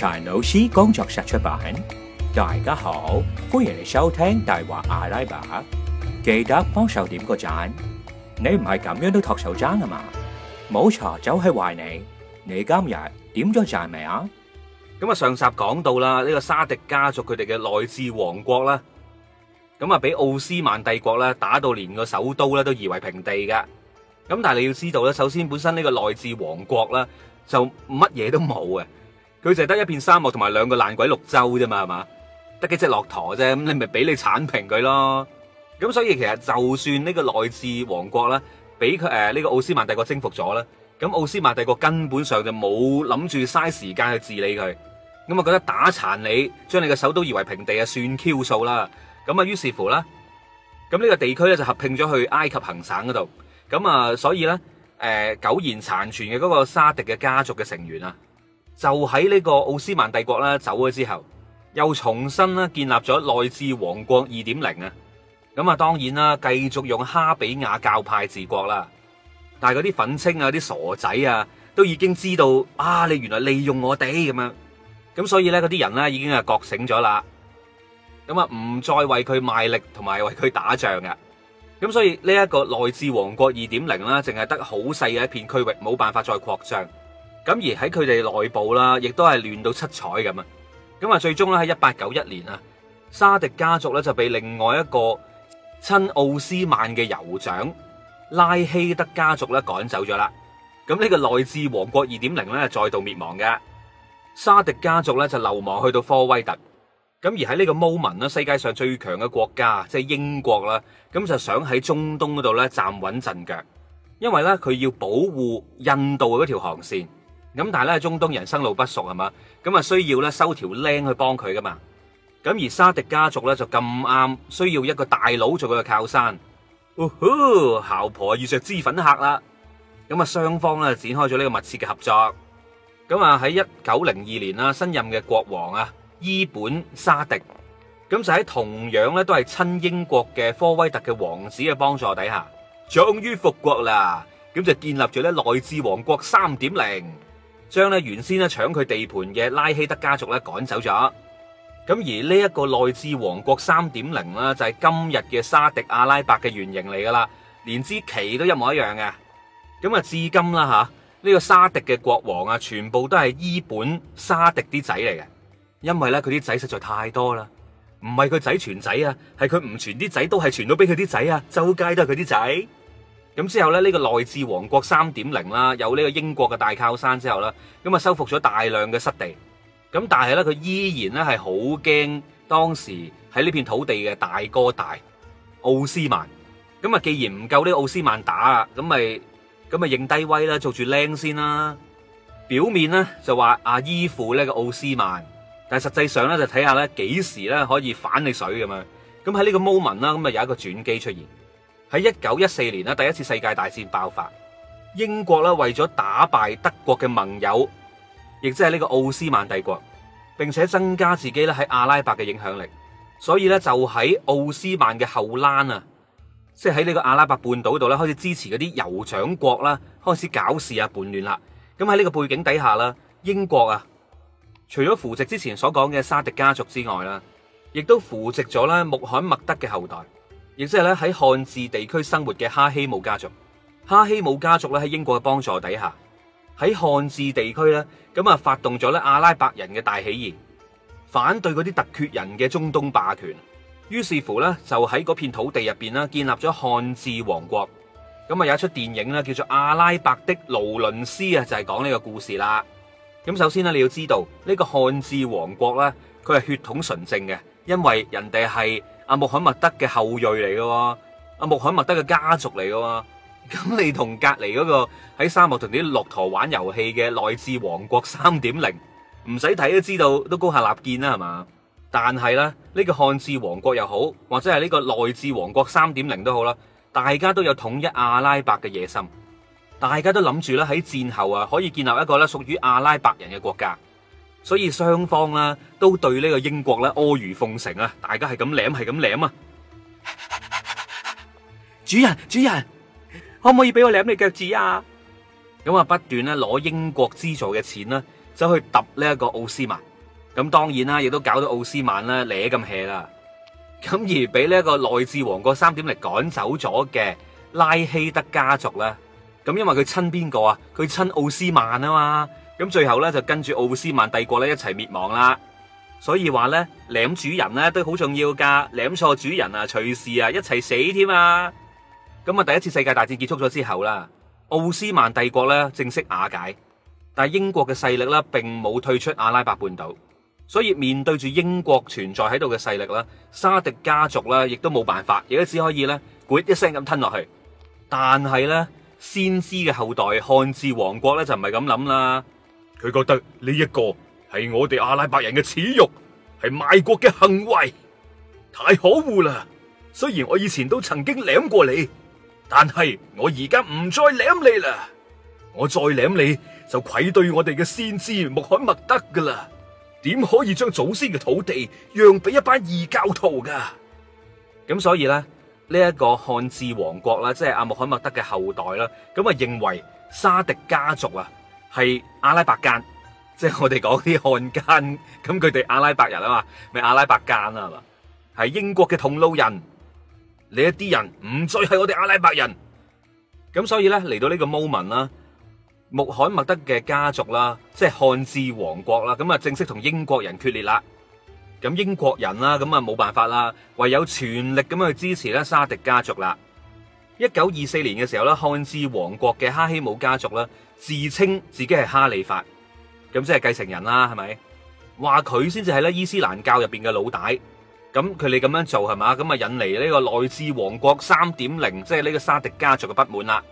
柴老師，工作室出版，大家好，歡迎收聽《大話阿拉伯》，記得幫手點個贊，你唔係咁樣都托手踭啊嘛？冇茶酒係壞你。你今日點咗贊未啊？咁啊，上集講到啦，呢個沙迪家族佢哋嘅內志王國啦，咁啊，俾奧斯曼帝國咧打到連個首都咧都夷為平地嘅。咁但係你要知道咧，首先本身呢個內志王國啦，就乜嘢都冇啊。佢就係得一片沙漠同埋兩個爛鬼綠洲啫嘛，係嘛？得幾隻駱駝啫，咁你咪俾你鏟平佢咯。咁所以其實就算呢個內志王國啦，俾佢誒呢、呃呢個奧斯曼帝國征服咗啦，咁奧斯曼帝國根本上就冇諗住嘥時間去治理佢。咁啊覺得打殘你，將你嘅首都夷為平地啊，算 Q 數啦。咁啊於是乎啦，咁呢個地區咧就合併咗去埃及行省嗰度。咁啊所以咧誒，苟、呃、延殘存嘅嗰個沙迪嘅家族嘅成員啊。就喺呢個奧斯曼帝國啦，走咗之後，又重新啦建立咗內治王國二點零啊，咁啊當然啦，繼續用哈比亞教派治國啦，但係嗰啲憤青啊、啲傻仔啊，都已經知道啊，你原來利用我哋咁樣，咁所以咧嗰啲人咧已經係覺醒咗啦，咁啊唔再為佢賣力同埋為佢打仗嘅，咁所以呢一個內治王國二點零啦，淨係得好細嘅一片區域，冇辦法再擴張。咁而喺佢哋內部啦，亦都係亂到七彩咁啊！咁啊，最終咧喺一八九一年啊，沙迪家族咧就被另外一個親奧斯曼嘅酋長拉希德家族咧趕走咗啦。咁呢個內志王國二點零咧再度滅亡嘅，沙迪家族咧就流亡去到科威特。咁而喺呢個 moment 啦，世界上最強嘅國家即係英國啦，咁就想喺中東嗰度咧站穩陣腳，因為咧佢要保護印度嗰條航線。咁但係咧，中東人生路不熟係嘛，咁啊需要咧收條僆去幫佢噶嘛，咁而沙迪家族咧就咁啱需要一個大佬做佢嘅靠山，哦，呼姣婆遇上脂粉客啦，咁啊雙方咧展開咗呢個密切嘅合作，咁啊喺一九零二年啦，新任嘅國王啊伊本沙迪，咁就喺同樣咧都係親英國嘅科威特嘅王子嘅幫助底下，終於復國啦，咁就建立咗咧內志王國三點零。將咧原先咧搶佢地盤嘅拉希德家族咧趕走咗，咁而呢一個內志王國三點零啦，就係今日嘅沙迪阿拉伯嘅原型嚟噶啦，連支旗都一模一樣嘅。咁啊，至今啦吓，呢個沙迪嘅國王啊，全部都係伊本沙迪啲仔嚟嘅，因為咧佢啲仔實在太多啦，唔係佢仔傳仔啊，係佢唔傳啲仔都係傳到俾佢啲仔啊，周街都係佢啲仔。咁之後咧，呢個內治王國三點零啦，有呢個英國嘅大靠山之後啦，咁啊收復咗大量嘅失地。咁但係咧，佢依然咧係好驚當時喺呢片土地嘅大哥大奧斯曼。咁啊，既然唔夠呢奧斯曼打，咁咪咁啊認低威啦，做住僆先啦。表面咧就話啊依附呢個奧斯曼，但係實際上咧就睇下咧幾時咧可以反你水咁樣，咁喺呢個 moment 啦，咁啊有一個轉機出現。喺一九一四年啦，第一次世界大戰爆發，英國啦為咗打敗德國嘅盟友，亦即係呢個奧斯曼帝國，並且增加自己咧喺阿拉伯嘅影響力，所以咧就喺奧斯曼嘅後欄啊，即係喺呢個阿拉伯半島度咧開始支持嗰啲酋長國啦，開始搞事啊叛亂啦。咁喺呢個背景底下啦，英國啊，除咗扶植之前所講嘅沙迪家族之外啦，亦都扶植咗啦穆罕默德嘅後代。亦即係咧喺漢志地區生活嘅哈希姆家族，哈希姆家族咧喺英國嘅幫助底下，喺漢志地區咧咁啊發動咗咧阿拉伯人嘅大起義，反對嗰啲突厥人嘅中東霸權。於是乎咧就喺嗰片土地入邊啦，建立咗漢志王國。咁啊有一出電影咧叫做《阿拉伯的勞倫斯》啊，就係講呢個故事啦。咁首先呢，你要知道呢個漢志王國咧，佢係血統純正嘅，因為人哋係，阿穆罕默德嘅後裔嚟嘅，阿穆罕默德嘅家族嚟嘅，咁你同隔籬嗰個喺沙漠同啲駱駝玩遊戲嘅內志王國三點零，唔使睇都知道都高下立見啦，係嘛？但係咧，呢個漢志王國又好，或者係呢個內志王國三點零都好啦，大家都有統一阿拉伯嘅野心，大家都諗住咧喺戰後啊，可以建立一個咧屬於阿拉伯人嘅國家。所以雙方啦，都對呢個英國咧阿諛奉承啊，大家係咁舐，係咁舐啊！主人，主人，可唔可以俾我舐你腳趾啊？咁啊，不斷咧攞英國資助嘅錢啦，走去揼呢一個奧斯曼。咁當然啦，亦都搞到奧斯曼啦，舐咁氣啦。咁而俾呢一個內志王國三點嚟趕走咗嘅拉希德家族咧，咁因為佢親邊個啊？佢親奧斯曼啊嘛。咁最後呢，就跟住奧斯曼帝國咧一齊滅亡啦，所以話呢，舐主人呢都好重要噶，舐錯主人啊，隨時啊一齊死添啊！咁啊，第一次世界大戰結束咗之後啦，奧斯曼帝國呢正式瓦解，但係英國嘅勢力呢，並冇退出阿拉伯半島，所以面對住英國存在喺度嘅勢力啦，沙迪家族啦亦都冇辦法，亦都只可以呢，咕一聲咁吞落去。但係呢，先知嘅後代漢志王國呢，就唔係咁諗啦。佢覺得呢一個係我哋阿拉伯人嘅恥辱，係賣國嘅行為，太可惡啦！雖然我以前都曾經舐過你，但係我而家唔再舐你啦。我再舐你就愧對我哋嘅先知穆罕默德噶啦，點可以將祖先嘅土地讓俾一班異教徒噶？咁所以咧，呢一個漢志王國啦，即係阿穆罕默德嘅後代啦，咁啊認為沙迪家族啊。係阿拉伯間，即係我哋講啲漢奸，咁佢哋阿拉伯人啊嘛，咪阿拉伯間啊嘛，係英國嘅同路人，你一啲人唔再係我哋阿拉伯人，咁所以咧，嚟到呢個 moment 啦，穆罕默德嘅家族啦，即係漢志王國啦，咁啊正式同英國人決裂啦，咁英國人啦，咁啊冇辦法啦，唯有全力咁去支持咧沙迪家族啦。一九二四年嘅時候咧，漢志王國嘅哈希姆家族啦，自稱自己係哈利法，咁即係繼承人啦，係咪？話佢先至係咧伊斯蘭教入邊嘅老大，咁佢哋咁樣做係嘛？咁啊引嚟呢個內志王國三點零，即係呢個沙迪家族嘅不滿啦。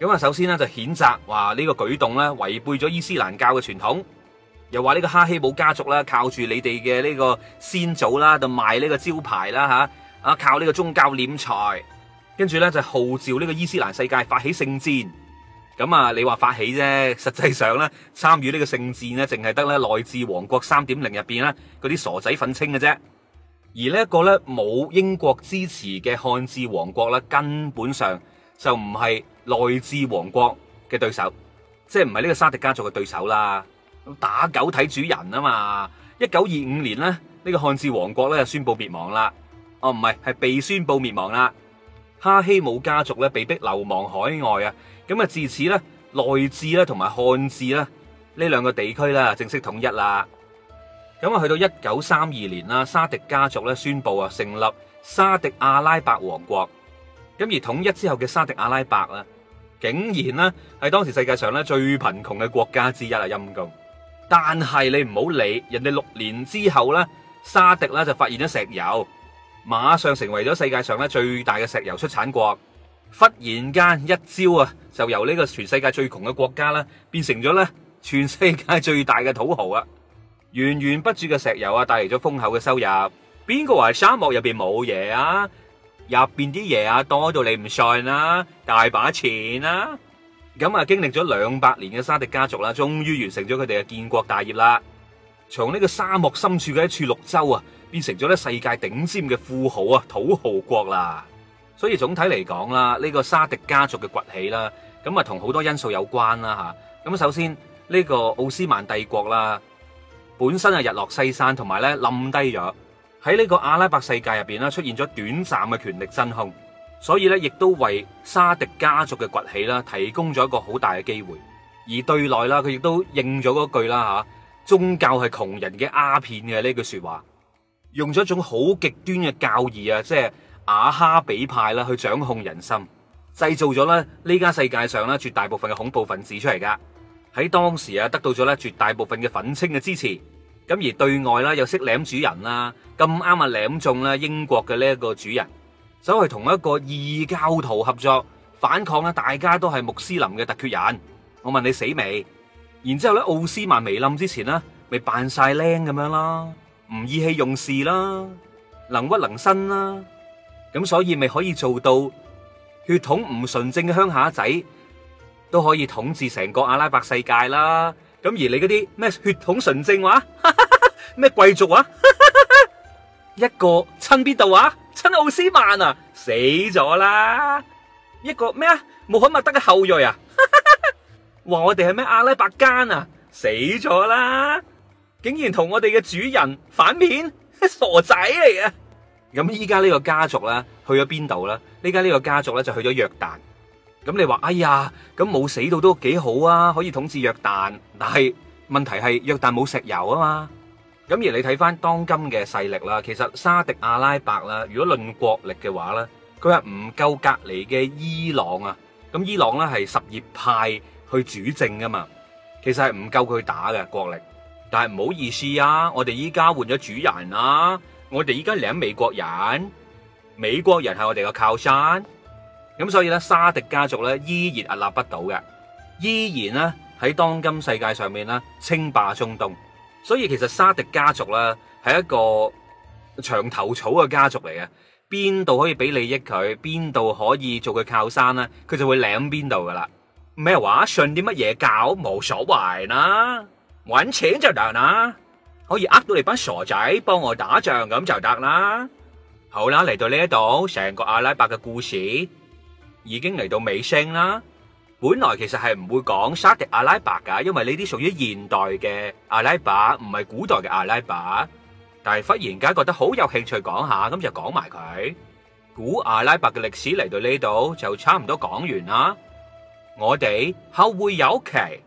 咁啊，首先呢，就譴責話呢個舉動咧違背咗伊斯蘭教嘅傳統，又話呢個哈希姆家族啦靠住你哋嘅呢個先祖啦，就賣呢個招牌啦吓，啊靠呢個宗教斂財。跟住咧，就號召呢個伊斯蘭世界發起聖戰。咁啊，你話發起啫，實際上咧參與呢個聖戰咧，淨係得咧內治王國三點零入邊咧嗰啲傻仔憤青嘅啫。而呢一個咧冇英國支持嘅漢字王國咧，根本上就唔係內治王國嘅對手，即係唔係呢個沙迪家族嘅對手啦。打狗睇主人啊嘛1925！一九二五年呢，呢個漢字王國咧就宣佈滅亡啦。哦，唔係係被宣佈滅亡啦。哈希姆家族咧被逼流亡海外啊，咁啊自此咧，內志咧同埋漢志咧呢兩個地區啦正式統一啦。咁啊去到一九三二年啦，沙迪家族咧宣佈啊成立沙迪阿拉伯王國。咁而統一之後嘅沙迪阿拉伯啦，竟然咧係當時世界上咧最貧窮嘅國家之一啊陰公。但係你唔好理人哋六年之後咧，沙迪咧就發現咗石油。馬上成為咗世界上咧最大嘅石油出產國，忽然間一朝啊，就由呢個全世界最窮嘅國家啦，變成咗咧全世界最大嘅土豪完完的的啊！源源不絕嘅石油啊，帶嚟咗豐厚嘅收入。邊個話沙漠入邊冇嘢啊？入邊啲嘢啊，多到你唔信啊！大把錢啊！咁啊，經歷咗兩百年嘅沙迪家族啦，終於完成咗佢哋嘅建國大業啦。從呢個沙漠深處嘅一處綠洲啊，變成咗咧世界頂尖嘅富豪啊土豪國啦。所以總體嚟講啦，呢個沙迪家族嘅崛起啦，咁啊同好多因素有關啦吓。咁首先呢個奧斯曼帝國啦，本身啊日落西山，同埋咧冧低咗，喺呢個阿拉伯世界入邊啦，出現咗短暫嘅權力真空，所以咧亦都為沙迪家族嘅崛起啦提供咗一個好大嘅機會。而對內啦，佢亦都應咗嗰句啦吓。宗教係窮人嘅鴉片嘅呢句說話，用咗一種好極端嘅教義啊，即係阿哈比派啦，去掌控人心，製造咗咧呢間世界上咧絕大部分嘅恐怖分子出嚟噶。喺當時啊，得到咗咧絕大部分嘅憤青嘅支持。咁而對外啦，又識舐主人啦，咁啱啊舐中啦英國嘅呢一個主人，所以同一個異教徒合作反抗啦，大家都係穆斯林嘅突厥人。我問你死未？然之後咧，奧斯曼未冧之前啦，咪扮晒靚咁樣啦，唔意氣用事啦，能屈能伸啦，咁所以咪可以做到血統唔純正嘅鄉下仔都可以統治成個阿拉伯世界啦。咁而你嗰啲咩血統純正話，啊，咩貴族啊，哈哈哈哈一個親邊度啊，親奧斯曼啊，死咗啦，一個咩啊，穆罕默德嘅後裔啊。話我哋係咩阿拉伯奸啊，死咗啦！竟然同我哋嘅主人反面，傻仔嚟啊！咁依家呢個家族啦，去咗邊度啦？呢家呢個家族咧就去咗約旦。咁你話哎呀，咁冇死到都幾好啊，可以統治約旦。但係問題係約旦冇石油啊嘛。咁而你睇翻當今嘅勢力啦，其實沙迪阿拉伯啦，如果論國力嘅話咧，佢係唔夠隔籬嘅伊朗啊。咁伊朗咧係什葉派。去主政㗎嘛，其實係唔夠佢打嘅國力，但係唔好意思啊，我哋依家換咗主人啦，啊，我哋依家舐美國人，美國人係我哋個靠山，咁所以咧，沙迪家族咧依然屹立不倒嘅，依然呢喺當今世界上面咧稱霸中東，所以其實沙迪家族咧係一個長頭草嘅家族嚟嘅，邊度可以俾利益佢，邊度可以做佢靠山咧，佢就會舐邊度噶啦。咩話，信啲乜嘢教冇所謂啦，搵錢就得啦，可以呃到你班傻仔幫我打仗咁就得啦。好啦，嚟到呢度，成個阿拉伯嘅故事已經嚟到尾聲啦。本來其實係唔會講沙迪阿拉伯噶，因為呢啲屬於現代嘅阿拉伯，唔係古代嘅阿拉伯。但係忽然間覺得好有興趣講下，咁就講埋佢。古阿拉伯嘅歷史嚟到呢度就差唔多講完啦。我哋後會有期。